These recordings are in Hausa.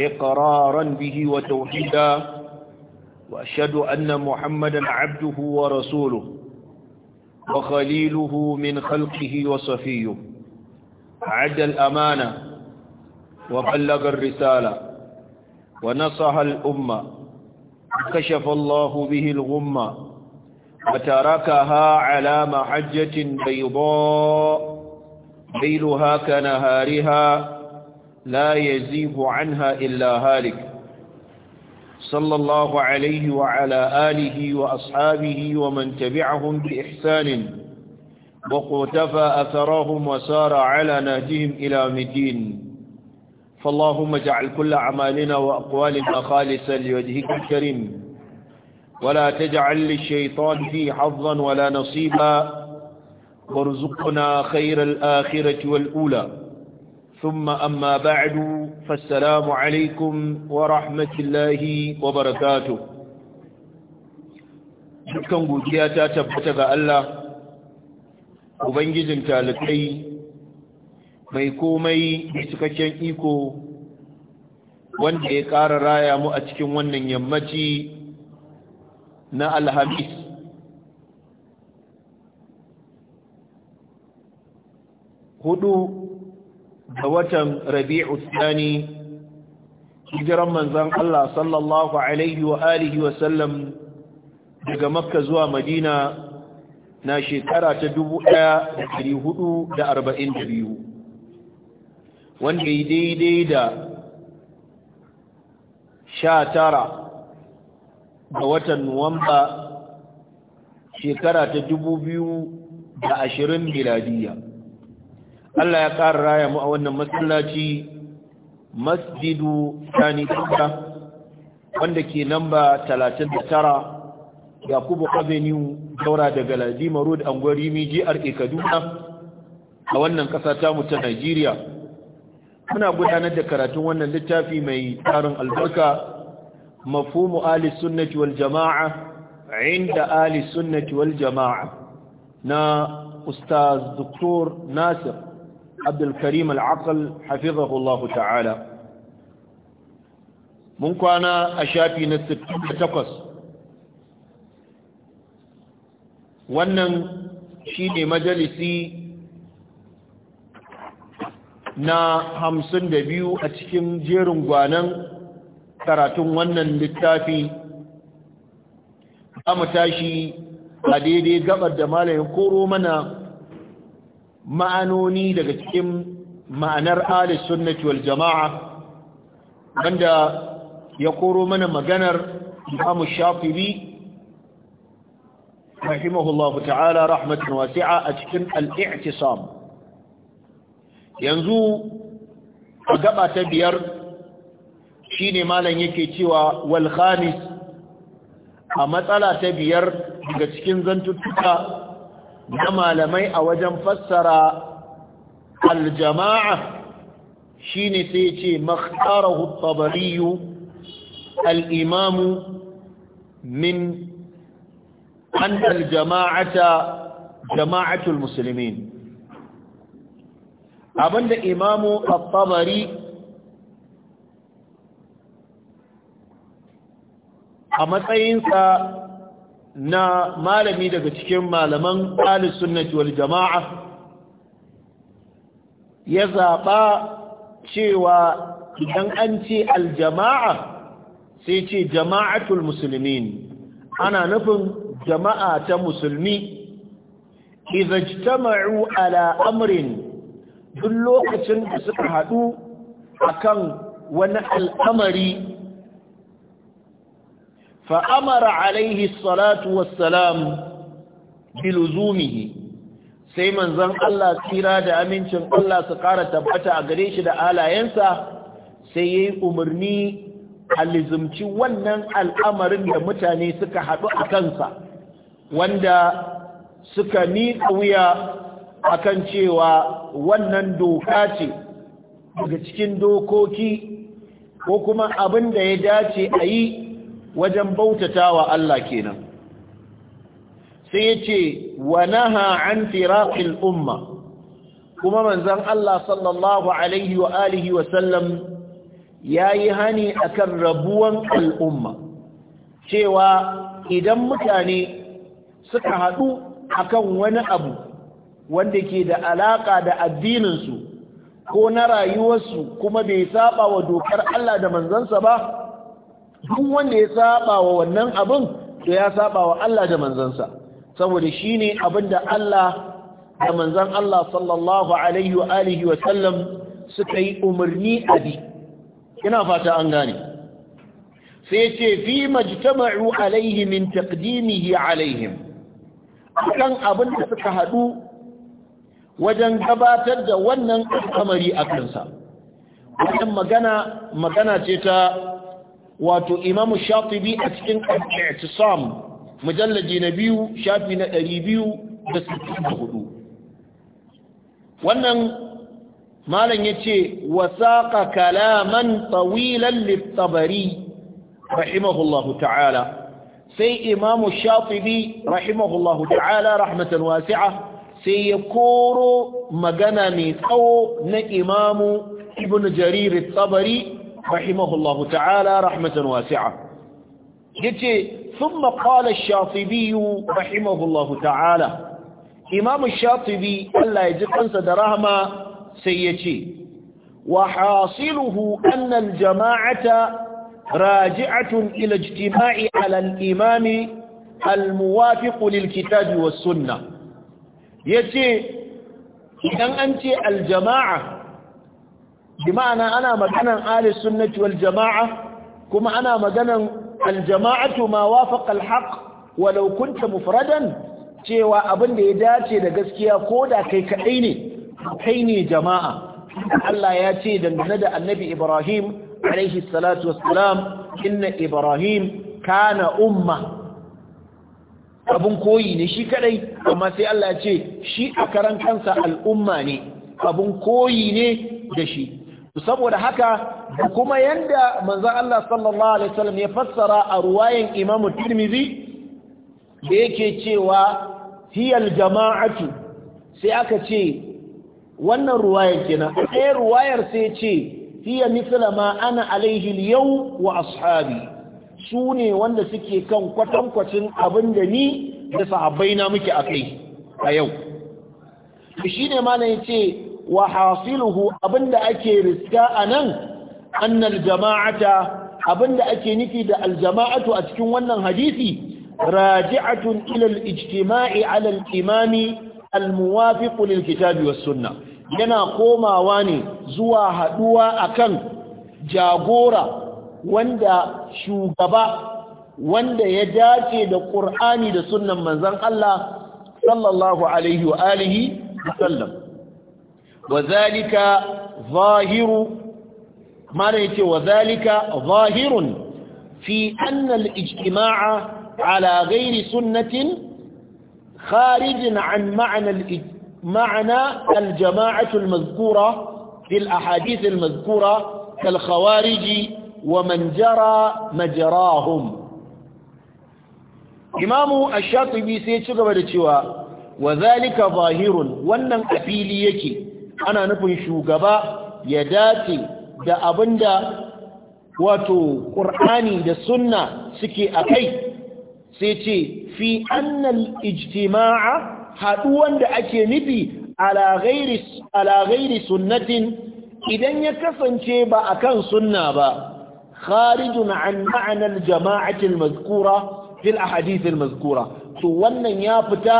إقرارا به وتوحيدا وأشهد أن محمدا عبده ورسوله وخليله من خلقه وصفيه عد الأمانة وبلغ الرسالة ونصح الأمة كشف الله به الغمة وتركها على محجة بيضاء ليلها كنهارها لا يزيغ عنها إلا هالك صلى الله عليه وعلى آله وأصحابه ومن تبعهم بإحسان وقتفى أثرهم وسار على نهجهم إلى مدين فاللهم اجعل كل أعمالنا وأقوالنا خالصا لوجهك الكريم ولا تجعل للشيطان فيه حظا ولا نصيبا وارزقنا خير الآخرة والأولى ثم أما بعد فالسلام عليكم ورحمة الله وبركاته dukkan godiya ta tabbata ga Allah ubangijin talakai mai komai da cikakken iko wanda ya ƙara raya mu a cikin wannan yammaci na alhamis hudu ga watan rabi'u tsani hijiran manzan Allah sallallahu alaihi wa alihi wa sallam daga makka zuwa madina na shekara ta 1442 wanda yi daidai da sha tara ga watan nuwamba shekara ta 2020 miladiyya Allah ya ƙara raya mu a wannan masallaci masjidu sani tuka wanda ke namba 39 yakubu avenue daura daga ladima road anguwar jr kaduna a wannan ƙasa tamu ta nigeria muna gudanar da karatun wannan littafi mai tarin albarka mafumu ali sunnati wal jama'a inda ali sunnati wal jama'a na ustaz Dr. nasir عبد الكريم العقل حفظه الله تعالى من كان أشافي نستطيع تقص wannan shi ne majalisi na hamsin da biyu a cikin jerin gwanan karatun wannan littafi za mu tashi a daidai gabar da malayin koro mana ma'anoni daga cikin ma'anar alis sunnati wal jama'a wanda ya koro mana maganar imamu shafi'i rahimahullahu ta'ala rahmatan wasi'a a cikin al-i'tisam yanzu a gaba ta biyar shine malam yake cewa wal khamis a matsala ta biyar daga cikin zantuttuka na malamai a wajen fassara aljama'a shine sai ce makhtarahu tabari al'imamu min an aljama'ata jama'atul muslimin abinda imamu al-tabari a matsayinsa na malami daga cikin malaman ahlus sunnati wal jama'a ya zaba cewa idan an ce aljama'a sai ce jama'atul musulmin ana nufin jama'a ta musulmi idza ijtama'u ala amrin duk lokacin da suka haɗu akan wani al'amari فأمر عليه الصلاة والسلام بلزومه sai manzon Allah tsira da amincin Allah su ƙara tabbata a gare shi da alayensa sai yayi umarni alizumci wannan al'amarin da mutane suka haɗu a kansa wanda suka miƙa wuya kan cewa wannan doka ce daga cikin dokoki ko kuma abin da ya dace a yi wajen bautatawa Allah kenan sai yace wa naha an firaqil umma kuma manzon Allah sallallahu alaihi wa alihi wa sallam yayi hani akan rabuwan al'umma cewa idan mutane suka haɗu akan wani abu wanda ke da alaka da addininsu ko na rayuwarsu kuma bai saba wa dokar Allah da manzansa ba duk wanda ya saba wa wannan abin to ya saba wa Allah da manzansa saboda shi abin da Allah da manzan Allah sallallahu alaihi wa alihi wa sallam suka yi umarni abi ina fata an gane sai ce fi majtama'u alaihi min taqdimihi alaihim kan abin da suka hadu wajen gabatar da wannan al'amari a kansa wannan magana magana ce ta wato imamu shafibi a cikin al sam. mujallaji na biyu shafi na 264 wannan malam yace wasaƙa kalaman tawilan lit-tabari rahimahullahu ta'ala sai imamu shafibi rahimahullahu ta'ala rahmatan wasi'a sai ya koro magana mai tsawo na imamu ibn jarir at rahimahullahu ta'ala rahmatan wasi'a yace thumma qala ash-shatibi rahimahullahu ta'ala imam ash-shatibi Allah ya ji kansa da rahma sai yace wa hasiluhu anna al-jama'ata راجعة إلى اجتماع على الإمام الموافق للكتاب والسنة يتي إذن أنت الجماعة bi ana maganan ahli sunnati wal jama'a kuma ana maganan al jama'atu ma wafaqa al haqq walau kunta mufradan cewa abin da ya dace da gaskiya ko da kai kadai ne kai ne jama'a Allah ya ce dangane da annabi Ibrahim alaihi salatu wassalam inna Ibrahim kana umma abun koyi ne shi kadai amma sai Allah ya ce shi a kansa al'umma ne abun koyi ne da shi saboda haka kuma yanda manzon Allah sallallahu alaihi wasallam ya fassara a ruwayan Imam Tirmidhi da yake cewa hiyal jama'atu sai aka ce wannan ruwayan kenan sai ruwayar sai ce hiya mithla ma ana alaihi al yaw wa ashabi sune wanda suke kan kwatankwacin abin da ni da sahabbaina muke akai a yau shi ne ma ne yace wa hasiluhu abinda ake riska anan annal jama'ata abinda ake nufi da aljama'atu a cikin wannan hadisi raji'atun ila al-ijtima'i ala al-imami al-muwafiq lil kitabi was sunnah yana komawa ne zuwa haduwa akan jagora wanda shugaba wanda ya dace da Qur'ani da sunnan manzon Allah sallallahu alaihi wa alihi wasallam وذلك ظاهر ما نيتي وذلك ظاهر في أن الاجتماع على غير سنة خارج عن معنى معنى الجماعة المذكورة في الأحاديث المذكورة كالخوارج ومن جرى مجراهم إمام الشاطبي سيتشغب لتشوى وذلك ظاهر وأن أفيليكي ana nufin shugaba ya dace da abinda wato ƙur'ani da sunna suke a kai sai ce fi annal ijtima'a haɗuwan da ake nufi ala ghairi sunnatin idan ya kasance ba a kan sunna ba kharijun an ma'anar jama'atin mazkura fil ahadithin mazkura to wannan ya fita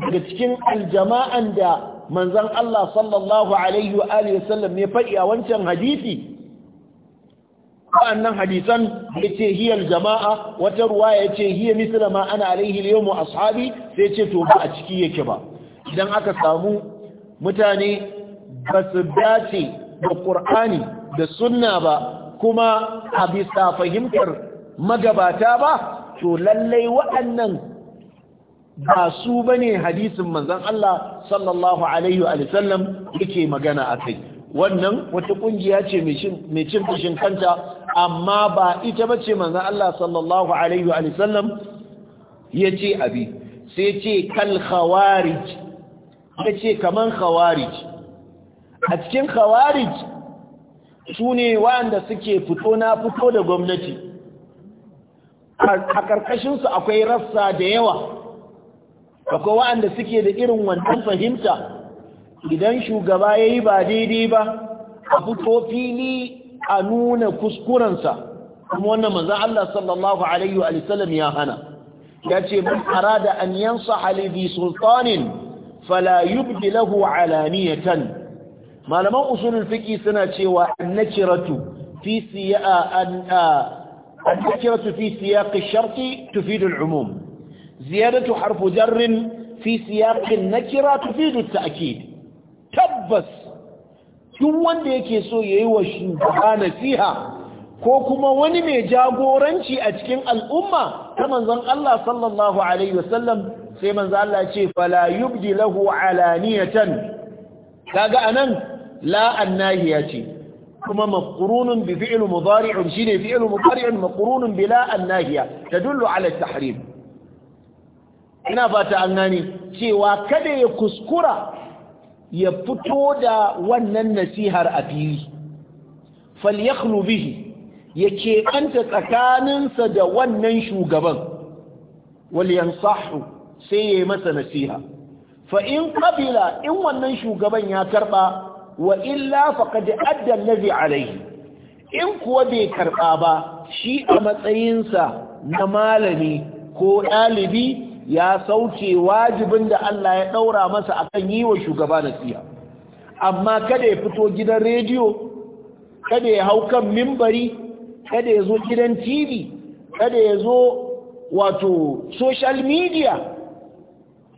daga cikin aljama'an da manzon Allah sallallahu alaihi wa alihi wasallam ne faɗi a wancan hadisi wa'annan hadisan yace hiyal jama'a wata ruwaya yace hiya misla ma ana alaihi al-yawm ashabi sai yace to ba a ciki yake ba idan aka samu mutane ba su dace da Qur'ani da sunna ba kuma a bisa fahimtar magabata ba to lallai waɗannan ba su bane hadisin manzon Allah sallallahu alaihi wa yake magana akai wannan wata ƙungiya ce mai cin fushin kanta amma ba ita bace manzon Allah sallallahu alaihi wa sallam yace abi sai ce kal khawarij yace kaman khawarij a cikin khawarij sune wanda suke fito na fito da gwamnati a ƙarƙashinsu akwai rassa da yawa akwai wa'anda suke da irin wannan fahimta idan shugaba ya yi ba daidai ba a fito fili a nuna kuskurensa kuma wannan maza Allah sallallahu alaihi wa sallam ya hana ya ce man arada an yansa halibi sultanin fala yubdi lahu alaniyatan malaman usulul fiki suna cewa annakiratu fi siya an fi siyaq ash-shart tufidu umum ziyadatu harfu jarrin fi siyaqin nakira tufidu at-ta'kid tabbas duk wanda yake so yayi wa shugaba nasiha ko kuma wani mai jagoranci a cikin al'umma ta manzon Allah sallallahu alaihi wasallam sai manzon Allah ce fala yubdi lahu alaniyatan kaga anan la annahiya ce kuma maqrunun bi fi'l mudari'un shine fi'l mudari'un maqrunun bi la annahiya tadullu ala tahrim ina fata an gane cewa kada ya kuskura ya fito da wannan nasihar a fili falyakhlu bihi ya keɓanta tsakaninsa da wannan shugaban sahu, sai ya yi masa nasiha fa in ƙabila in wannan shugaban ya karɓa wa illa da adda allazi alayhi in kuwa bai karɓa ba shi a matsayinsa na malami ko ɗalibi ya sauke wajibin da Allah ya ɗaura masa akan yi wa shugaba nasiha amma kada ya fito gidan rediyo kada ya hau kan mimbari kada ya zo gidan tv kada ya zo wato social media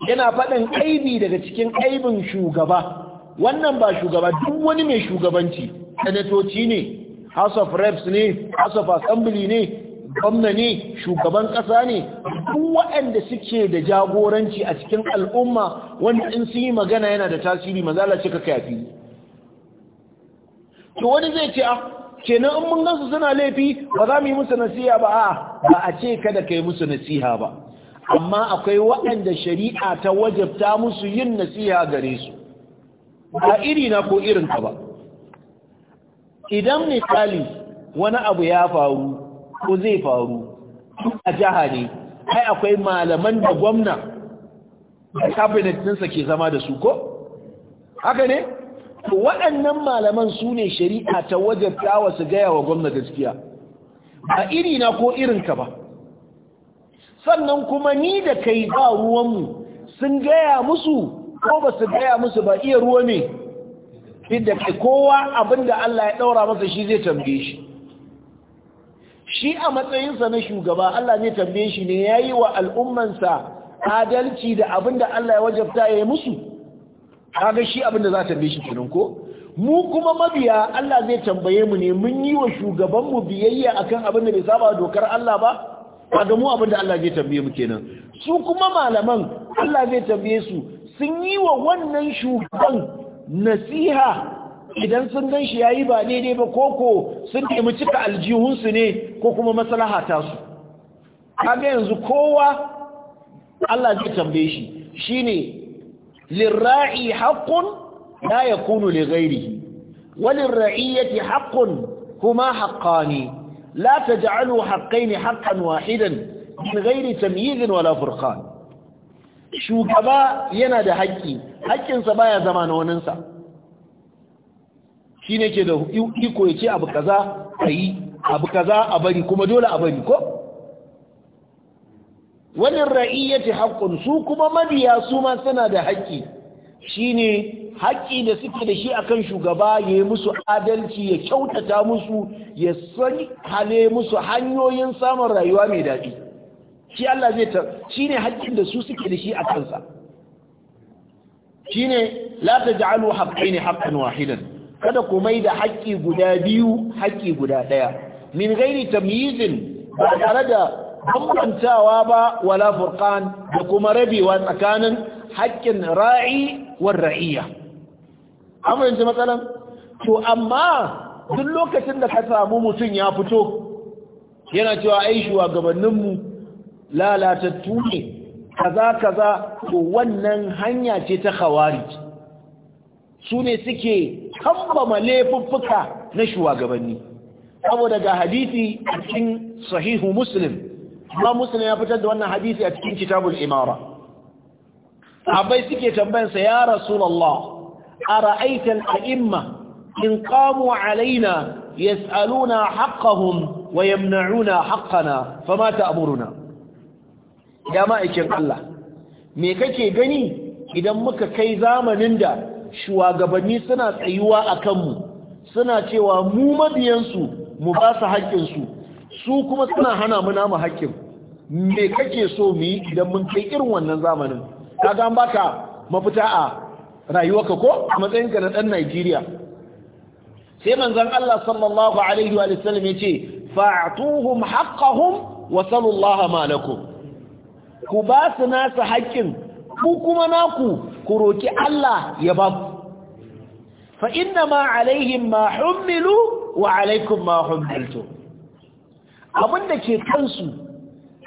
yana faɗin aibi daga cikin aibin shugaba wannan ba shugaba duk wani mai shugabanci senatoci ne house of reps ne house of assembly ne gwamna ne shugaban ƙasa ne duk waɗanda suke da jagoranci a cikin al'umma wanda in sun yi magana yana da tasiri mazala cika ka kafi to wani zai ce a ah, kenan in mun gansu suna laifi ba za mu yi musu nasiha ba ba a ce kada ka yi musu nasiha ba amma akwai waɗanda shari'a ta wajabta musu yin nasiha gare su ba iri na ko irin ka ba idan misali wani abu ya faru ko zai faru a jiha ne ai akwai malaman da gwamna da cabinet ɗinsa ke zama da su ko haka ne waɗannan malaman su ne shari'a ta wajen dawa su gaya wa gwamna gaskiya ba iri na ko irinka ba sannan kuma ni da kai ba ruwanmu sun gaya musu ko ba su gaya musu ba iya ruwa ne inda kai kowa abinda Allah ya ɗaura masa shi zai tambaye shi shi a matsayinsa na shugaba Allah zai tambaye shi ne ya yi wa al'ummansa adalci da abin da Allah ya wajabta ya yi musu haga shi abin da za a tambaye shi kenan ko mu kuma mabiya Allah zai tambaye mu ne mun yi wa shugabanmu biyayya a kan abin da bai saba dokar Allah ba haga mu abin da Allah zai tambaye mu kenan su kuma malaman Allah zai tambaye su sun yi wa wannan shugaban nasiha idan sun gan shi yayi ba dai ba koko sun nemi cika aljihunsu ne ko kuma maslaha ta su kaga yanzu kowa Allah zai tambaye shi Shi ne lirra'i haqqun la yakunu li ghairihi وللرعية حق هما حقان لا تجعلوا حقين حقا واحدا من غير تمييز wala فرقان shugaba yana da haƙƙi haƙƙinsa baya zama na waninsa shi ne ke da iko ya ce abu kaza a yi abu kaza a bari kuma dole a bari ko wannan ce haƙƙun su kuma mabiya su ma suna da haƙƙi shine haƙƙi da suke da shi akan shugaba ya yi musu adalci ya kyautata musu ya san hale musu hanyoyin samun rayuwa mai daɗi shi Allah zai ta shine haƙƙin da su suke da shi a kansa shine la taj'alu haqqaini haqqan wahidan kada ku mai da haƙƙi guda biyu haƙƙi guda ɗaya min gairi tamyizin ba tare da bambantawa ba wala furqan da kuma rabewa tsakanin haƙƙin ra'i wa ra'iyya amurin ji matsalan to amma duk lokacin da ka samu mutum ya fito yana cewa ai gabaninmu lalatattu ne kaza kaza to wannan hanya ce ta khawarij su ne suke kambama laifuffuka na shugabanni saboda ga hadisi a cikin sahihu muslim ba muslim ya fitar da wannan hadisi a cikin kitabul imara abai suke tambayansa ya rasulallah a ra'aitar al'imma in kamu alaina yas'aluna haqqahum wa yamna'una haqqana fama aburuna. ya ma'aikin Allah me kake gani idan muka kai zamanin da shugabanni suna tsayuwa a kanmu suna cewa mu mabiyansu mu ba su haƙƙinsu su kuma suna hana mu namu haƙƙin me kake so mu yi idan mun kai irin wannan zamanin kaga ba baka mafita a rayuwarka ko a matsayinka na ɗan Najeriya sai manzon Allah sallallahu alaihi wa sallam yace fa'tuhum haqqahum wa sallallahu ma lakum ku ba su nasa haƙƙin ku kuma naku ku roki Allah ya ba ku fa inna ma alaihim ma hummilu wa alaikum ma hummiltu abinda ke kansu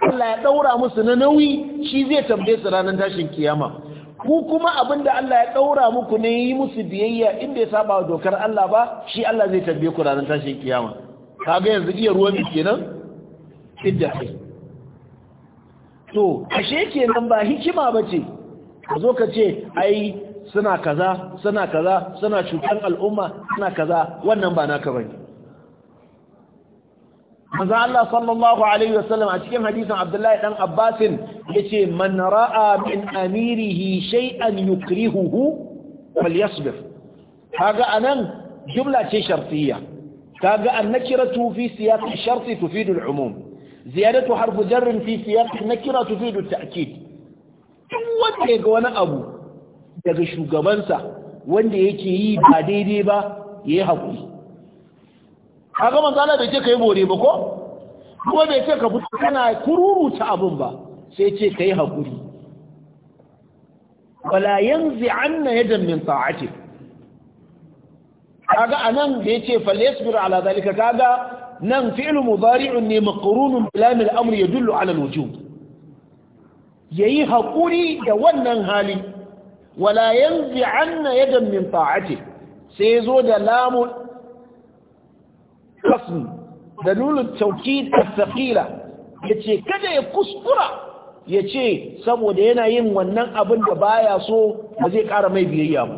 Allah ya daura musu na nauyi shi zai tambaye su ranar tashin kiyama ku kuma da Allah ya daura muku ne yi musu biyayya in bai saba wa dokar Allah ba shi Allah zai tambaye ku ranar tashin kiyama kaga yanzu iya ruwan mai kenan idda kai to ashe kenan ba hikima bace ka zo ka ce ai suna kaza suna kaza suna cutar al'umma suna kaza wannan ba naka bane manzo Allah sallallahu alaihi wasallam a cikin hadisin Abdullahi dan Abbas yace man ra'a min amirihi shay'an yukrihuhu falyasbir kaga anan jumla ce shartiyya kaga annakiratu fi siyaq ash sharti tufidu al-umum ziyadatu harfu jarr fi siyaq nakira tufidu at-ta'kid wanda ga wani abu daga shugabansa wanda yake yi ba daidai ba ya yi haƙuri kaga manzana bai ce ka yi bore ba ko kuma bai ce ka fito kana kururuta abin ba sai ce ka yi haƙuri wala yanzu an na yadda min sa'ati kaga a nan da ya ce falyasbir ala zalika kaga nan fi'lu mudari'un ne maqrunun bilamil amr yadullu ala al-wujub yayi haƙuri da wannan hali wala yanzi anna yadan min ta'ati sai zo da lamu qasm da nunul tawkid as-thaqila yace kada ya kuskura yace saboda yana yin wannan abin da baya so ba zai ƙara mai biyayya ba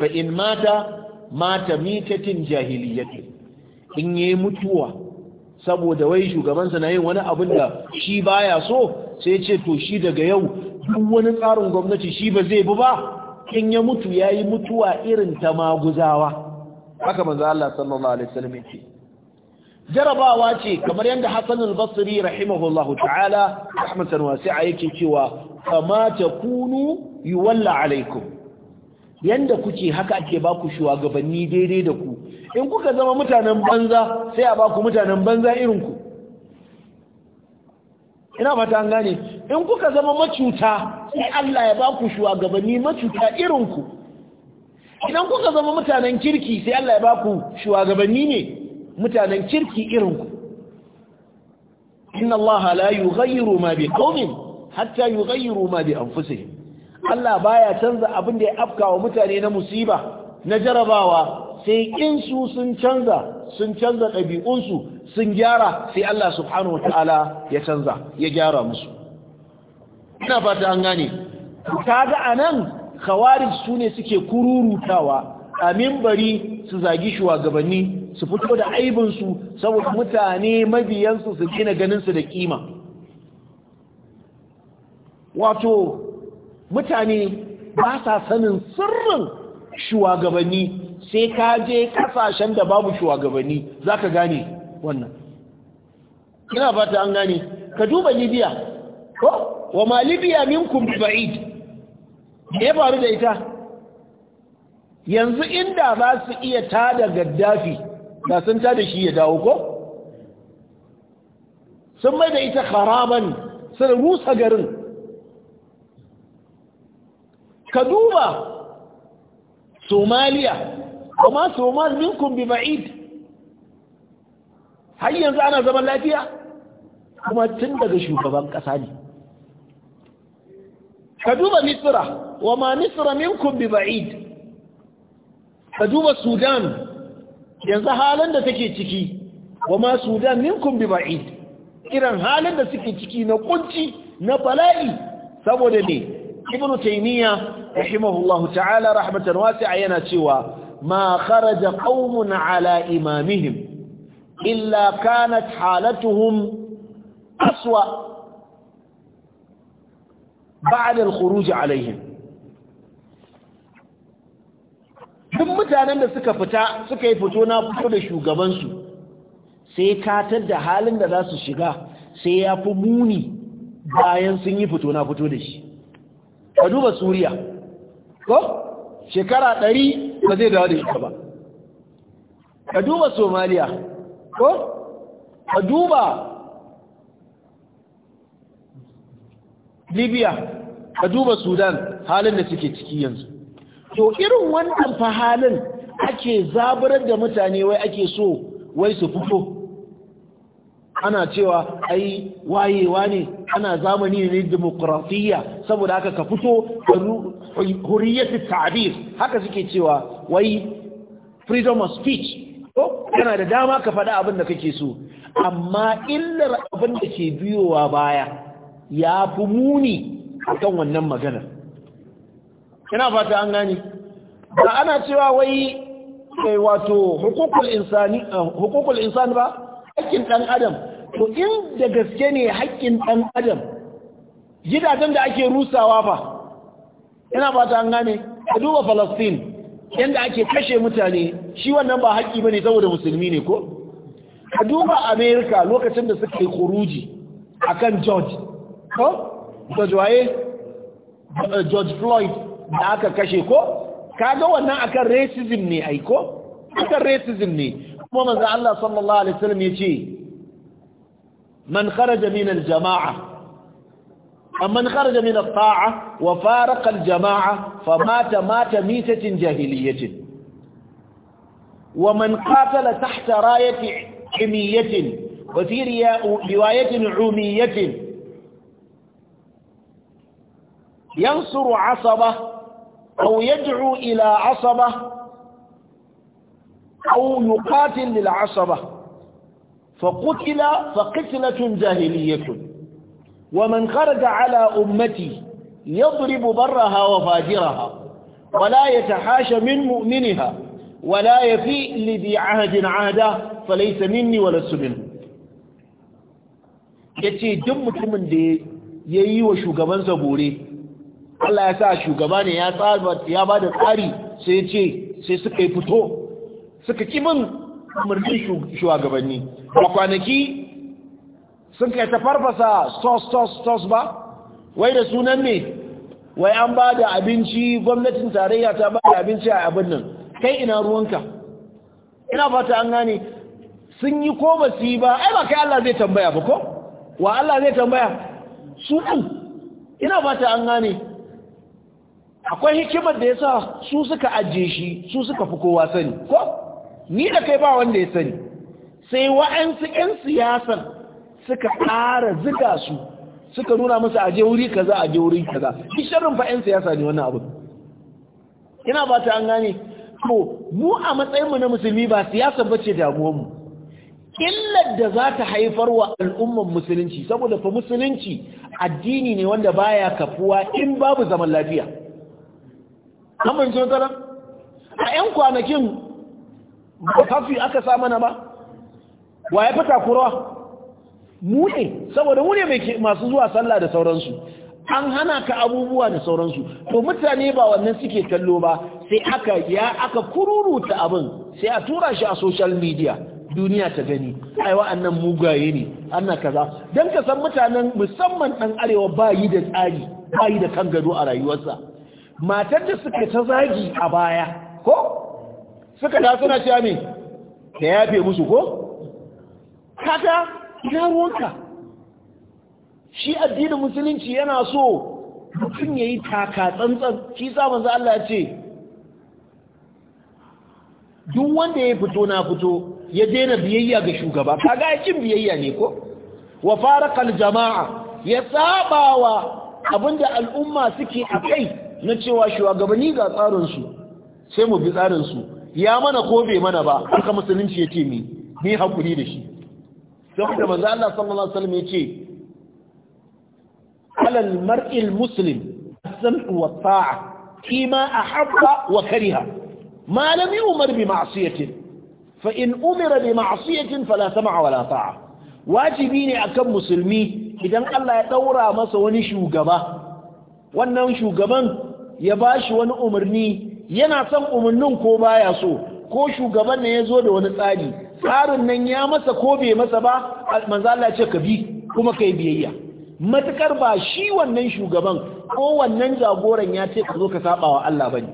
fa in mata mata mitatin jahiliyyati in yayi mutuwa saboda wai shugabansa na yin wani abin da shi baya so sai ce to shi daga yau duk wani tsarin gwamnati shi ba zai bi ba in ya mutu ya yi mutuwa irin ta maguzawa haka manzo Allah sallallahu alaihi wasallam yake jarabawa ce kamar yadda Hassan al-Basri rahimahullahu ta'ala rahmatan a yake cewa kama takunu yuwalla alaikum yanda kuke haka ake ba ku shugabanni daidai da ku in kuka zama mutanen banza sai a ba ku mutanen banza irin ku ina fata an gane in kuka zama macuta sai Allah ya ba ku shugabanni macuta irinku idan kuka zama mutanen kirki sai Allah ya ba ku shugabanni ne mutanen kirki irinku inna Allah la yughayyiru ma bi qaumin hatta yughayyiru ma bi anfusihim Allah baya canza abin da ya afkawa mutane na musiba na jarabawa sai in su sun canza sun canza ɗabi'unsu sun gyara sai Allah subhanahu wa ta'ala ya canza ya gyara musu ina fata an gane kaga anan khawarij sune suke kururutawa a mimbari su zagi shugabanni su fito da aibin su saboda mutane mabiyansu su gina ganin su da kima wato mutane ba sa sanin sirrin shugabanni sai ka je kasashen da babu shugabanni zaka gane wannan ina fata an gane ka duba libya ko wa ma libya minkum ba'id me faru da ita yanzu inda za su iya tada gaddafi da sun tada shi ya dawo ko sun mai da ita kharaban sun rusa garin ka duba somaliya kuma somal minkum bi ba'id har yanzu ana zaman lafiya kuma tun daga shugaban kasa ne ka duba Misira, wa ma misra minkum bi ba'id ka duba sudan yanzu halin da take ciki wa ma sudan minkum bi ba'id irin halin da suke ciki na kunci na bala'i saboda ne ibn taymiya rahimahullah ta'ala rahmatan wasi'a yana cewa ma kharaja qaumun ala imamihim illa kanat halatuhum aswa ba'da al-khuruj alaihim duk mutanen da suka fita suka yi fito na fito da shugabansu sai katar da halin da za su shiga sai ya fi muni bayan sun yi fito na fito da shi ka duba suriya ko shekara ɗari ba zai dawo da shi ba ka duba somaliya ko ka duba libya ka duba sudan halin da suke ciki yanzu to irin wannan fa halin ake zaburar da mutane wai ake so wai su fito ana cewa ai wayewa ne ana zamani ne demokrasiyya saboda haka ka fito huriyatu ta'bir haka suke cewa wai freedom of speech ko kana da dama ka faɗa abin da kake so amma illar abin da ke biyowa baya ya fi muni akan wannan maganar ina fata an gani da ana cewa wai kai eh, wato hukukul insani eh, ba hakkin ɗan adam to in da gaske ne haƙƙin ɗan adam gidajen da ake rusawa fa ina fata an gani. ka duba Palestine yanda ake kashe mutane shi wannan ba haƙƙi ne saboda musulmi ne ko ka duba Amerika lokacin da suka yi kuruji akan George ko George waye George Floyd da aka kashe ko kaga wannan akan racism ne ai ko akan racism ne kuma manzo Allah sallallahu alaihi wasallam yace man kharaja min al-jama'a amman kharaja min at-ta'a wa faraqa al-jama'a famata mata mitatin jahiliyatin ومن قاتل تحت رايه rayati وفي روايه عميه yansuru asaba أو يدعو إلى عصبة أو يقاتل للعصبة فقتل فقتلة جاهلية ومن خرج على أمتي يضرب برها وفاجرها ولا يتحاش من مؤمنها ولا يفيء لذي عهد عهدا فليس مني ولست منه yace duk mutumin da yayi wa shugaban zabore Allah ya sa shugaba ne ya tsaba ya ba da tsari sai ce sai suka yi fito suka ki min umarnin shugabanni Ba kwanaki sun kai ta farfasa sos sos sos ba wai da sunan ne wai an ba da abinci gwamnatin tarayya ta ba da abinci a abin nan kai ina ruwanka ina fata an gane sun yi ko ba su yi ba ai ba kai Allah zai tambaya ba ko wa Allah zai tambaya su ina fata an gane akwai hikimar da ya sa su suka ajiye shi su suka fi kowa sani ko ni da kai ba wanda ya sani sai wa'ansu 'yan siyasar suka ƙara ziga su suka nuna musu aje wuri kaza aje wuri kaza shi sharrin fa 'yan siyasa ne wannan abu ina ba ta an gane to mu a matsayin mu na musulmi ba siyasa bace damuwar mu illar da za ta haifar wa al'ummar musulunci saboda fa musulunci addini ne wanda baya kafuwa in babu zaman lafiya an fahimci a 'yan kwanakin ba aka sa mana ba wa ya fi takurawa mu saboda mune ne masu zuwa sallah da sauransu an hana ka abubuwa da sauransu to mutane ba wannan suke kallo ba sai aka ya aka kururuta abin sai a tura shi a social media duniya ta gani ai annan mugaye ne ana kaza dan ka san mutanen musamman dan arewa ba yi da tsari ba yi da kan gado a rayuwarsa matar da suka ta zagi a baya ko suka da suna cewa da yafe musu ko kaga ina ruwanka shi addinin musulunci yana so mutum ya yi taka tsantsan shi samun za Allah ya ce duk wanda ya fito na fito ya daina biyayya ga shugaba kaga yakin biyayya ne ko wa farakal jama'a ya wa abinda al'umma suke a kai na cewa shugabanni ga tsarinsu sai mu bi tsarinsu ya mana ko bai mana ba haka musulunci ya ce mi ni haƙuri da shi saboda maza Allah sallallahu alaihi wasallam ya ce alal mar'il muslim as-sam'u wa ta'a a ahabba wa kariha Malami umar yu'mar bi ma'siyatin fa in umira bi ma'siyatin fala sam'a wala ta'a wajibi ne akan musulmi idan Allah ya ɗaura masa wani shugaba wannan shugaban ya ba shi wani umarni yana son umarnin ko baya so ko shugaban ne ya zo da wani tsari tsarin nan ya masa ko bai masa ba manzo Allah ce ka bi kuma kai biyayya matukar ba shi wannan shugaban ko wannan jagoran ya ce ka zo ka saba wa Allah bane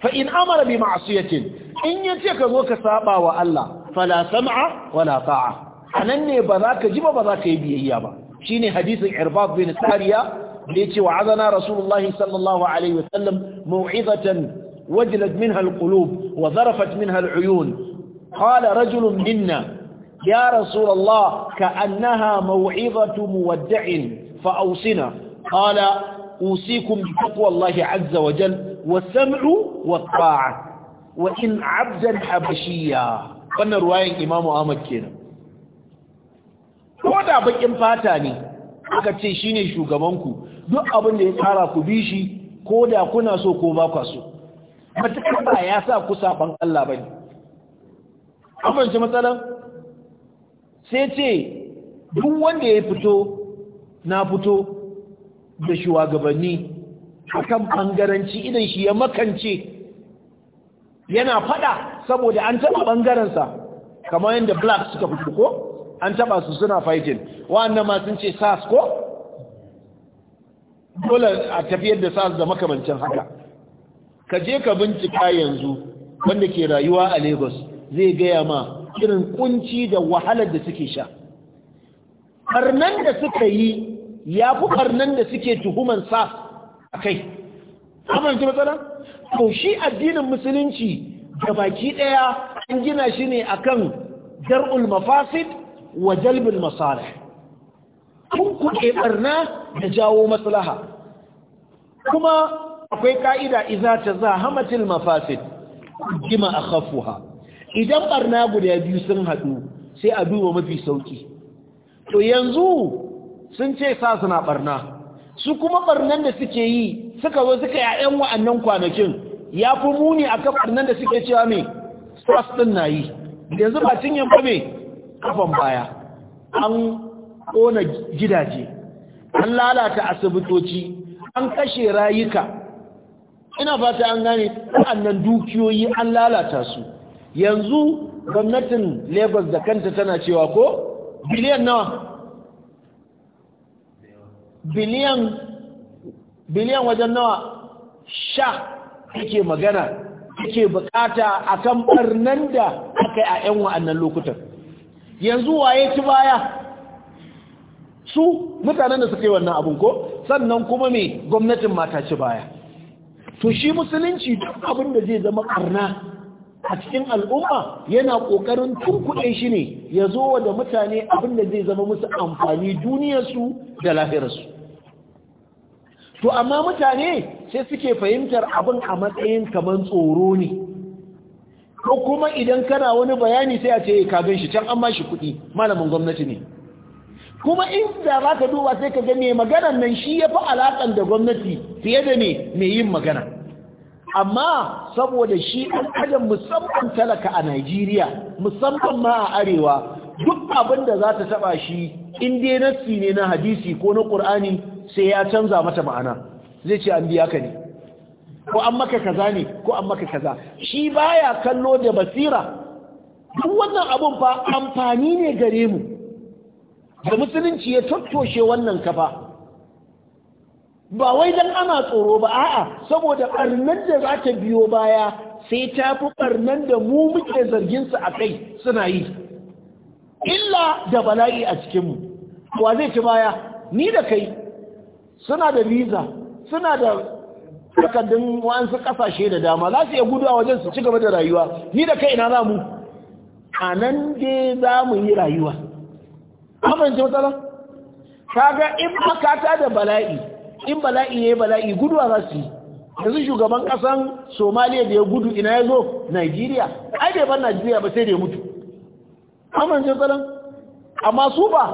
fa in amara bi ma'siyatin in ya ce ka zo ka saba wa Allah fala sam'a wala ta'a anan ne ba za ka ji ba ba za ka yi biyayya ba shine hadisin irbad bin sariya da yace wa azana rasulullahi sallallahu alaihi wasallam mau'izatan wajlat minha alqulub wa zarafat minha aluyun qala rajulun minna ya rasulullah ka'annaha mau'izatu muwaddi'in fa awsina qala أوصيكم بتقوى الله عز وجل والسمع والطاعة وإن عبدا حبشيا wannan ruwayan imamu Ahmad kenan ko da bakin fata ne aka ce shi ne shugabanku duk abin da ya tsara ku bi shi ko da kuna so ko ba kwa so matuƙar ba ya sa ku saban Allah ba ne amince matsalan sai ce duk wanda ya fito na fito da shugabanni kan bangaranci idan shi ya makance yana fada saboda an taɓa ɓangarensa kamar yadda black suka fito ko an taba su suna fighting wa'annan ma sun ce sas ko dole a tafiyar da sas da makamancin haka ka je ka bincika yanzu wanda ke rayuwa a lagos zai gaya ma irin kunci da wahalar da suke sha ɓarnan da suka yi ya fi ɓarnan da suke tuhuman sas a kai amince matsala to shi addinin musulunci da baki ɗaya an gina shi ne akan dar'ul mafasid wa jalbin masara kun kuɗe ɓarna da jawo maslaha kuma akwai ka'ida iza ta za hamatin mafafin jima a ha. idan ɓarna guda biyu sun haɗu sai a duba mafi sauƙi. to yanzu sun ce sa suna ɓarna su kuma ɓarnan da suke yi suka zo suka yayan wa'annan kwanakin ya fi muni a kan ɓarnan da suke cewa mai sas ɗin na yi yanzu ba cin yamfa mai kafan baya an kona gidaje an lalata asibitoci an kashe rayuka ina fata an gane waɗannan dukiyoyi an lalata su yanzu gwamnatin lagos da kanta tana cewa ko biliyan nawa biliyan biliyan wajen nawa sha ake magana ake bukata akan barnan da aka yi a 'yan wa'annan lokutan yanzu waye ci baya su mutanen da suka yi wannan abun ko sannan kuma me gwamnatin mata ci baya to shi musulunci duk abin da zai zama karna a cikin al'umma yana kokarin tunkuɗe shi ne ya zo da mutane abin da zai zama musu amfani duniyarsu da lahirarsu to amma mutane sai suke fahimtar abin a matsayin kamar tsoro ne ko kuma idan kana wani bayani sai a ce ka gan shi can an ba shi kuɗi malamin gwamnati ne kuma inda za ka duba sai ka gane mai maganan nan shi ya fi alaƙar da gwamnati fiye da ne mai yin magana amma saboda shi an kada musamman talaka a Najeriya musamman ma a arewa duk abin da za ta taba shi in dai nassi ne na hadisi ko na ƙur'ani sai ya canza mata ma'ana zai ce an biya ka ne ko an maka kaza ne ko an maka kaza shi baya kallo da basira duk wannan abun fa amfani ne gare mu da musulunci ya tattoshe wannan kafa ba wai dan ana tsoro ba a'a saboda barnan da za ta biyo baya sai ta fi barnan da mu muke zargin su a kai suna yi illa da bala'i a cikin mu wa zai ci baya ni da kai suna da visa suna da takardun wasu kasashe da dama za su iya gudu a wajen su ci gaba da rayuwa ni da kai ina za mu a nan dai za mu yi rayuwa amince matsala kaga in makata da bala'i in bala'i ne bala'i guduwa za su yi yanzu shugaban kasan somaliya da ya gudu ina ya zo nigeria ai bai ban nigeria ba sai da ya mutu amince matsala amma su ba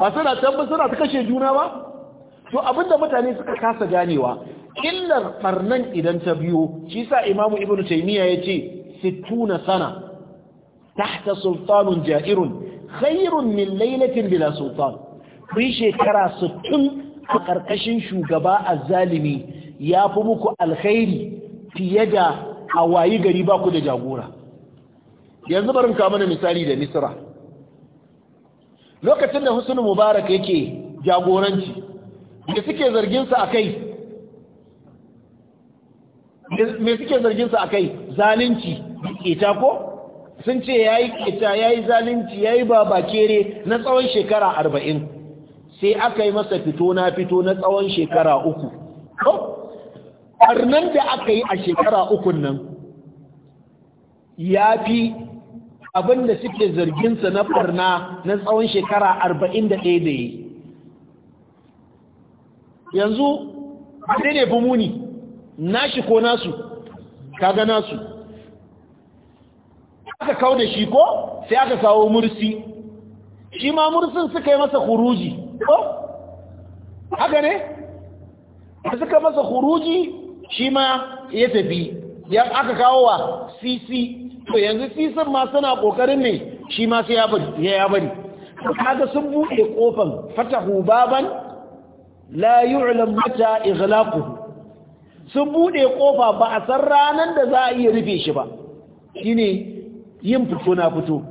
ba suna suna ta kashe juna ba to abinda mutane suka kasa ganewa illar barnan idan ta biyo shi sa imamu ibn taymiya yace 60 sana tahta sultanun ja'irun khairun min laylatin bila sultan kuyi shekara 60 a karkashin shugaba azzalimi yafi muku alkhairi fiye da hawayi gari ba ku da jagora yanzu barin ka mana misali da misra lokacin da husnu mubarak yake jagoranci da suke zargin sa akai me suke zargin su akai zalunci keta ko sun ce yayi keta yayi zalunci yayi babakere na tsawon shekara 40 sai aka masa fito na fito na tsawon shekara uku arnan da aka yi a shekara ukun nan yafi abinda suke zarginsa na farna na tsawon shekara 41 da yayi yanzu ne fi muni nashi ko nasu kaga nasu aka kau da shi ko sai aka kawo mursi shi ma mursin suka yi masa huruji ko haka ne suka masa huruji shi ma ya tafi yan aka kawo wa cc to yanzu sisin ma suna kokarin ne shi ma sai ya bari kaga sun buɗe ƙofan fatahu baban la yu'lam mata ighlaquhu sun buɗe ƙofa ba a san ranar da za a iya rufe shi ba ne yin fito na fito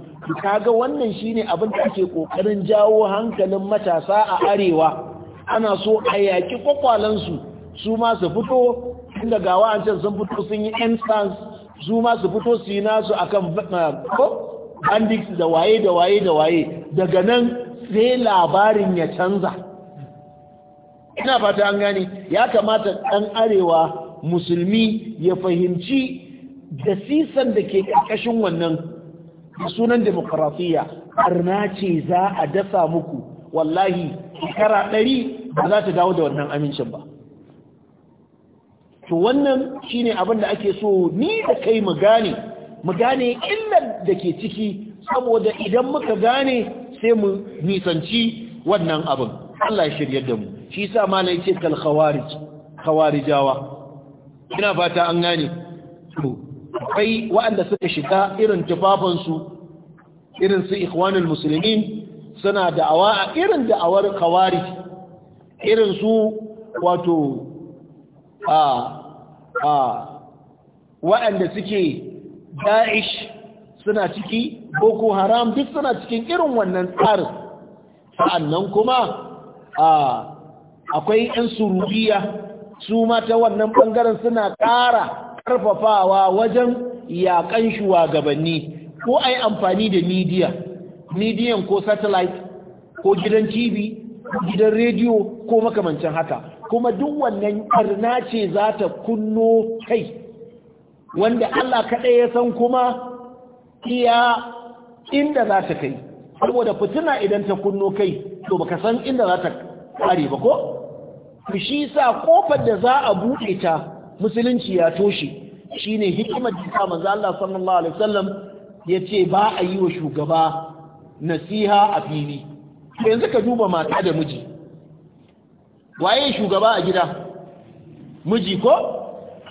kaga wannan shine abin da ake ƙoƙarin jawo hankalin matasa a arewa ana so a yaki kwakwalansu su ma fito inda gawa an can sun fito sun yi instance su ma fito su yi nasu akan uh, bandits da waye da waye da waye daga nan sai labarin ya canza ina fata an gane ya kamata ɗan arewa musulmi ya fahimci da sisan da ke ƙarƙashin wannan sunan demokarafiyya arna ce za a dasa muku wallahi shekara ɗari ba za ta dawo da wannan amincin ba to wannan shine abin da ake so ni da kai mu gane mu gane illar da ke ciki saboda idan muka gane sai mu nisanci wannan abin Allah ya shirye da mu shi yasa malai ce kal khawarij khawarijawa ina fata an gane akwai waɗanda suka shiga irin su irin su ikhwanul musulmin suna da'awa a irin da'awar khawarij irin su wato a a waɗanda suke da'ish suna ciki boko haram duk suna cikin irin wannan tsarin sa'annan kuma akwai 'yan surubiya su ta wannan ɓangaren suna ƙara ƙarfafawa wajen yaƙan shugabanni ko ai amfani da midiya midiyan ko satellite ko gidan tv ko gidan rediyo ko makamancin haka kuma duk wannan ƙarna ce za ta kunno kai wanda allah kaɗai ya san kuma iya inda za ta kai saboda fitina idan ta kunno kai to baka san inda za ta kare ba ko to shi sa kofar da za a buɗe ta musulunci ya toshe shine hikimar da sa manzo Allah sallallahu alaihi wasallam ba a yi wa shugaba nasiha a fili yanzu ka duba mata da miji waye shugaba a gida miji ko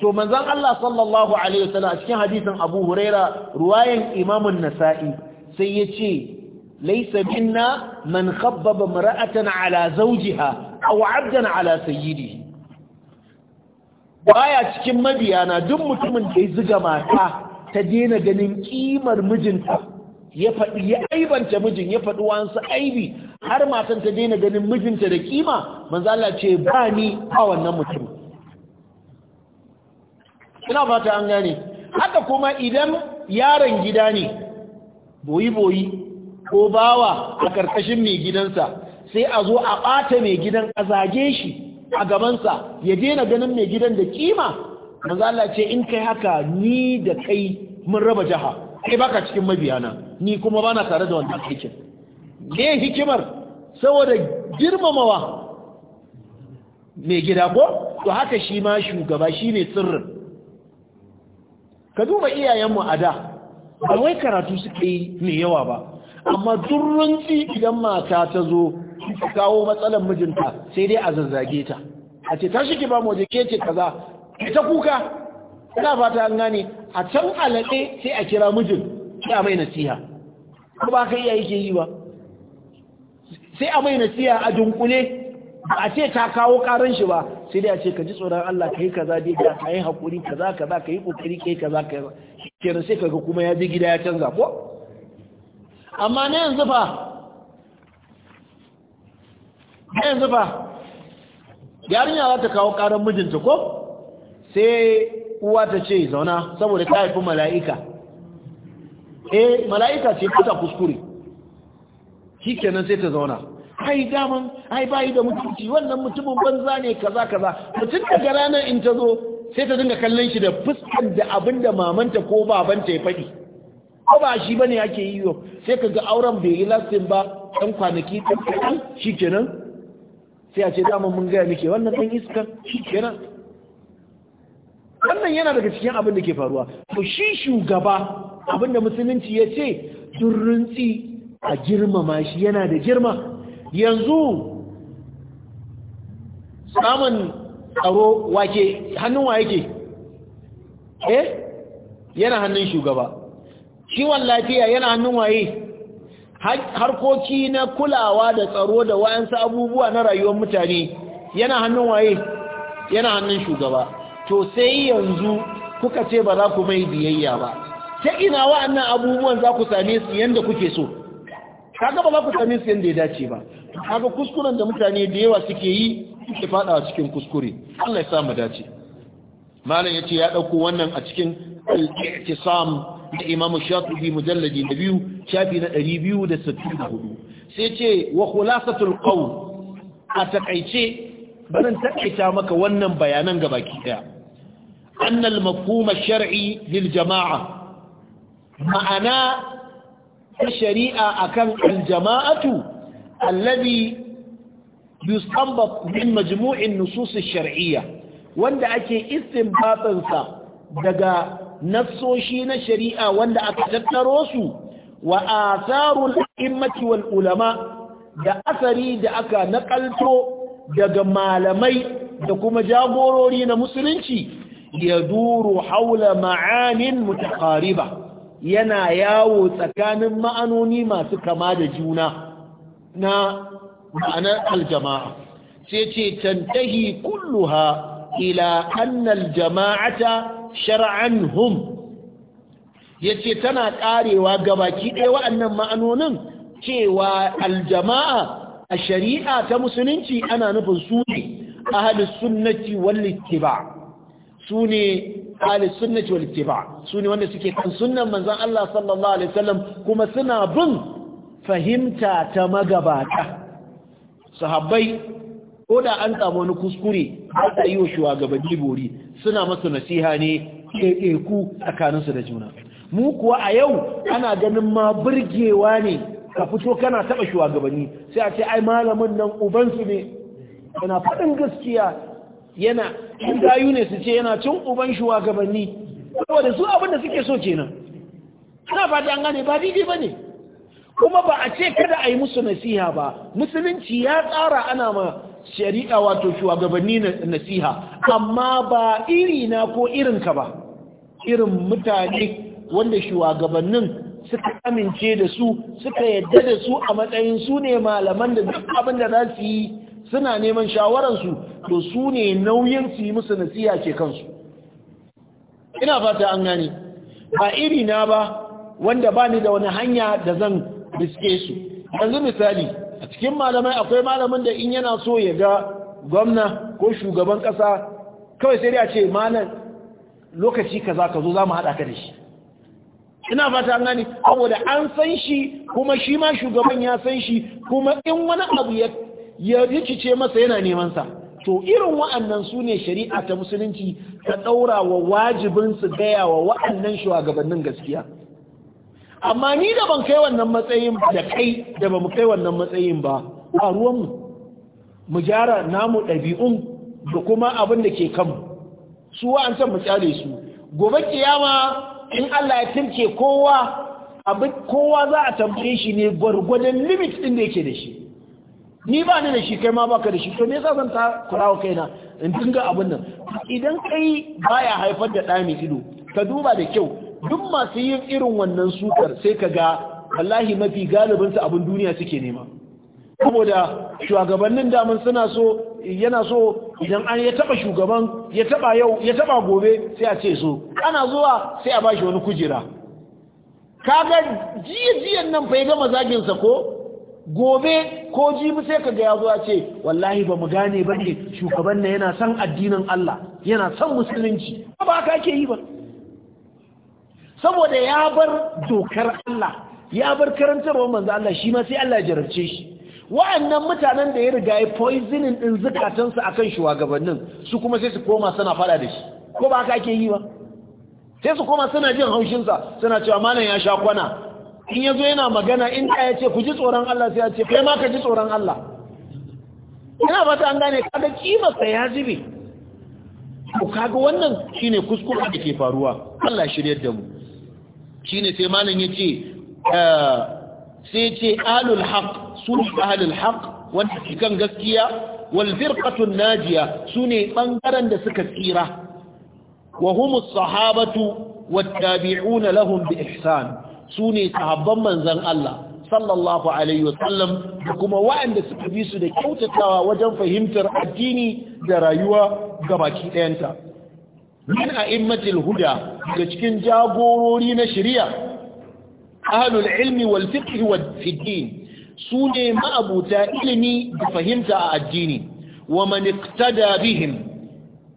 to manzon Allah sallallahu alaihi wasallam a cikin hadisin Abu Huraira ruwayan Imam An-Nasa'i sai yace laysa minna man khabbaba mar'atan ala zawjiha aw 'abdan ala sayyidihi baya cikin mabiyana duk mutumin da ya zuga mata ta dena ganin kimar mijinta ya faɗi ya aibanta mijin ya faɗi wansu aibi har matan ta daina ganin mijinta da kima manzo Allah ce ba ni a wannan mutum ina fata an gane haka kuma idan yaron gida ne boyi boyi ko bawa a ƙarƙashin mai gidansa sai a zo a ɓata mai gidan a zage shi a gabansa ya daina ganin mai gidan da kima manzo Allah ce in kai haka ni da kai mun raba jaha kai baka cikin na, ni kuma bana tare da wannan aikin me hikimar saboda girmamawa mai gida ko to haka shi ma shugaba shi ne sirrin ka duba iyayenmu a da ba wai karatu suka yi mai yawa ba amma durrunci idan mata ta zo kawo matsalar mijinta sai dai a zazzage ta a ce ta shige ba mu je ke ce kaza ita kuka ina fata an gane a can alade sai a kira mijin sai a mai nasiha ko ba ka iya yake yi ba sai a mai nasiha a dunkule a ce ta kawo karan shi ba sai dai a ce ka ji tsoron Allah ka yi kaza dai ka yi hakuri kaza kaza ka yi ƙoƙari kaza kaza kenan sai kaga kuma ya je gida ya canza ko amma ne yanzu fa ne yanzu fa yarinya za ta kawo karan mijinta ko sai uwa ta ce zauna saboda ta haifi mala'ika eh mala'ika ce kusa kuskure shi kenan sai ta zauna ai daman ai bayi da mutunci wannan mutumin banza ne kaza kaza mutum daga ranar in ta zo sai ta dinga kallon shi da fuskar da abinda mamanta ko babanta ya faɗi ko ba shi bane ake yi yo? sai ka ga auren bai yi lastin ba ɗan kwanaki ɗan shi kenan sai a ce dama mun gaya muke wannan ɗan iskar shi kenan wannan yana daga cikin abin da ke faruwa to shi shugaba abin da musulunci ya ce durrunci a girmama shi yana da girma yanzu samun tsaro wake hannun wa yake eh yana hannun shugaba ciwon lafiya yana hannun waye harkoki na kulawa da tsaro da wa'ansu abubuwa na rayuwar mutane yana hannun waye yana hannun shugaba to sai yanzu kuka ce ba za ku mai biyayya ba ta ina wa'annan abubuwan za ku same su yadda kuke so kaga ba za ku same su yanda ya dace ba kaga kuskuren da mutane da yawa suke yi suke fada cikin kuskure Allah ya sa mu dace malam yace ya dauko wannan a cikin al ihtisam da imamu shafi mujalladi na biyu shafi na da hudu. sai ce wa khulasatul qawl a taƙaice barin taƙaita maka wannan bayanan gabaki ɗaya annal mafhuma shar'i lil jama'a ma'ana ta shari'a a kan jama'atu allabi yustanbat min majmu'in nusus al shar'iyya wanda ake istinbatinsa daga nassoshi na shari'a wanda aka tattaro su wa asarul immati wal ulama da asari da aka nakalto daga malamai da kuma jagorori na musulunci ya duru haula ma'anin mutakariba yana yawo tsakanin ma'anoni masu kama da juna na ma'anar aljama'a sai ce tantahi kulluha ila annal jama'ata shar'an hum yace tana karewa gabaki ɗaya wa'annan ma'anonin cewa aljama'a a shari'a ta musulunci ana nufin su ne ahlus sunnati wal ittiba su ne ahlus sunnati wal su ne wanda suke kan sunnan manzon Allah sallallahu alaihi wasallam kuma suna bin fahimta ta magabata sahabbai ko da an samu wani kuskure ba yi wa shugabanni bori suna masu nasiha ne ɗaiɗaiku tsakaninsu da juna mu kuwa a yau ana ganin ma burgewa ne ka fito kana taba shugabanni sai a ce ai malamin nan ubansu ne yana faɗin gaskiya yana in gayu ne su ce yana cin uban shugabanni saboda su abin da suke so kenan ana ba an gane ba daidai ba ne kuma ba a ce kada a yi musu nasiha ba musulunci ya tsara ana ma shari'a wato shugabanni nasiha amma ba irina na ko irinka ba irin mutane wanda shugabannin suka amince da su suka yadda da su a matsayin su ne malaman da duk abin da za su yi suna neman shawararsu to su ne nauyin su yi musu nasiha ke kansu ina fata an gani. ba irina ba wanda ba ni da wani hanya da zan riske su yanzu misali a cikin malamai akwai malamin da in yana so ya ga gwamna ko shugaban kasa kawai sai dai a ce malam lokaci kaza ka zo za mu haɗa ka da shi ina fata an gani saboda an san shi kuma shi ma shugaban ya san shi kuma in wani abu ya ya rikice masa yana neman sa to irin wa'annan su ne shari'a ta musulunci ta ɗaura wa wajibin su gaya wa wa'annan shugabannin gaskiya amma ni da ban kai wannan matsayin da kai da ba mu kai wannan matsayin ba a ruwanmu mu gyara namu ɗabi'un da kuma abin da ke kanmu su wa'ancan mu su gobe kiyama in Allah ya tilke kowa abin kowa za a tambaye shi ne gwargwadon limit ɗin da yake da shi ni ba ni da shi kai ma baka da shi to me yasa zan ta kurawa kaina in dinga abin nan idan kai baya haifar da ɗa mai ido ka duba da kyau duk masu yin irin wannan sukar sai ka ga wallahi mafi galibinsu abin duniya suke nema saboda shugabannin daman suna so yana so idan an ya taba shugaban ya taba yau ya taba gobe sai a ce so ana zuwa sai a bashi wani kujera kaga jiye-jiyen nan fa ya gama sa ko gobe ko jibi sai kaga ya zo ce wallahi ba mu gane ba ne shugaban na yana son addinin Allah yana son musulunci ba ka ke yi ba saboda ya bar dokar Allah ya bar karantarwa manzo Allah shi ma sai Allah ya jarabce shi wa'annan mutanen da ya riga ya poisoning din zukatansu akan shugabannin su kuma sai su koma suna fada da shi ko ba haka ake yi ba sai su koma suna jin haushin sa suna cewa malam ya sha kwana in yazo yana magana in da ya ce ku ji tsoron Allah sai ya ce kai ma ka ji tsoron Allah ina fata an gane kaga kima sa ya jibe Ku kaga wannan shine kuskure da ke faruwa Allah shiryar da mu shine sai malam yace ah, sai ce alul haq su ahlul haq wanda kan gaskiya wal firqatun najiya sune ɓangaren da suka tsira wa humus sahabatu wattabi'una lahum da ihsan sune sahabban manzan Allah sallallahu alaihi wasallam da kuma waɗanda suka bi su da kyautatawa wajen fahimtar addini da rayuwa gabaki ɗayanta min a'immatil huda daga cikin jagorori na shari'a ahlul ilmi wal fiqh wal fiddin sune ma'abuta ilimi da fahimta a addini wa man iqtada bihim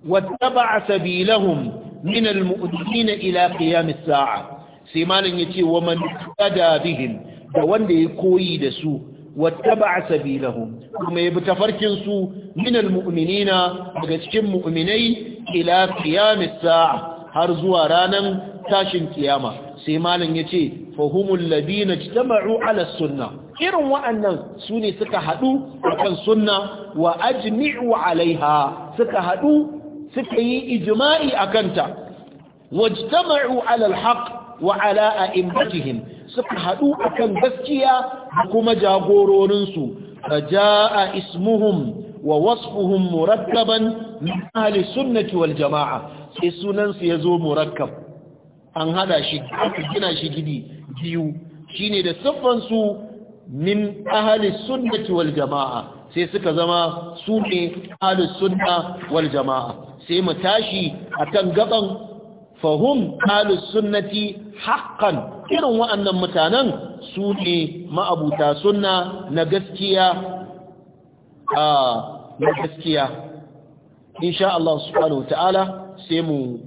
wattaba'a sabilahum min al mu'minin ila qiyam as-sa'a sai malam yace wa man iqtada bihim da wanda ya koyi da su wattaba'a sabilahum kuma ya bi tafarkin su min al mu'minina daga cikin mu'minai ila qiyamis sa'a har zuwa ranan tashin kiyama sai malam yace fahumul ladina ijtama'u ala sunnah irin wa'annan su ne suka haɗu kan sunna wa ajmi'u alaiha suka haɗu suka yi ijma'i a kanta wajtama'u alal haq wa ala a'immatihim suka haɗu akan gaskiya da kuma jagororinsu fa jaa ismuhum wa wasfuhum murakkaban min ahli sunnati wal jama'a sai sunan su yazo murakkab an haɗa shi gina shi gidi biyu shine da siffan su min ahli sunnati sai suka zama su ne ahli sunna wal sai mu tashi a kan gaban fahum ahli sunnati haqqan irin wa'annan mutanen su ne ma'abuta sunna na gaskiya na gaskiya insha Allah subhanahu ta'ala sai mu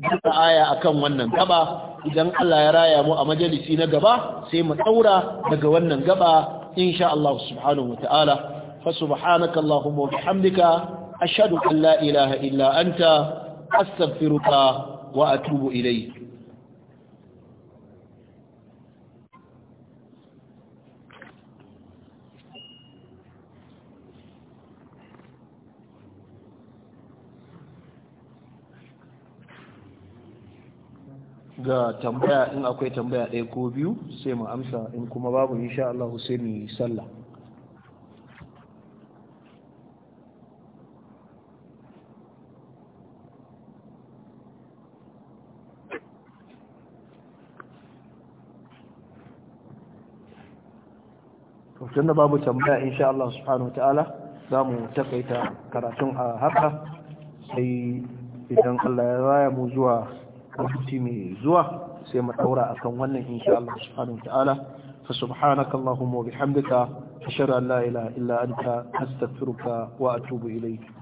duka aya akan wannan gaba idan Allah ya raya mu a majalisi na gaba sai mu daura daga wannan gaba insha Allah subhanahu ta'ala fa subhanaka allahumma wa bihamdika ashhadu an la ilaha illa anta astaghfiruka wa atubu ilayk ga tambaya in akwai tambaya ɗaya ko biyu sai mu amsa in kuma babu insha Allah sai sallah tun da babu tambaya insha Allah subhanahu wa ta'ala za mu takaita karatun a haka sai idan Allah ya raya mu zuwa lokaci mai zuwa sai mu daura akan wannan insha Allah subhanahu ta'ala fa subhanaka allahumma wa bihamdika ashhadu an la ilaha illa anta astaghfiruka wa atubu ilayk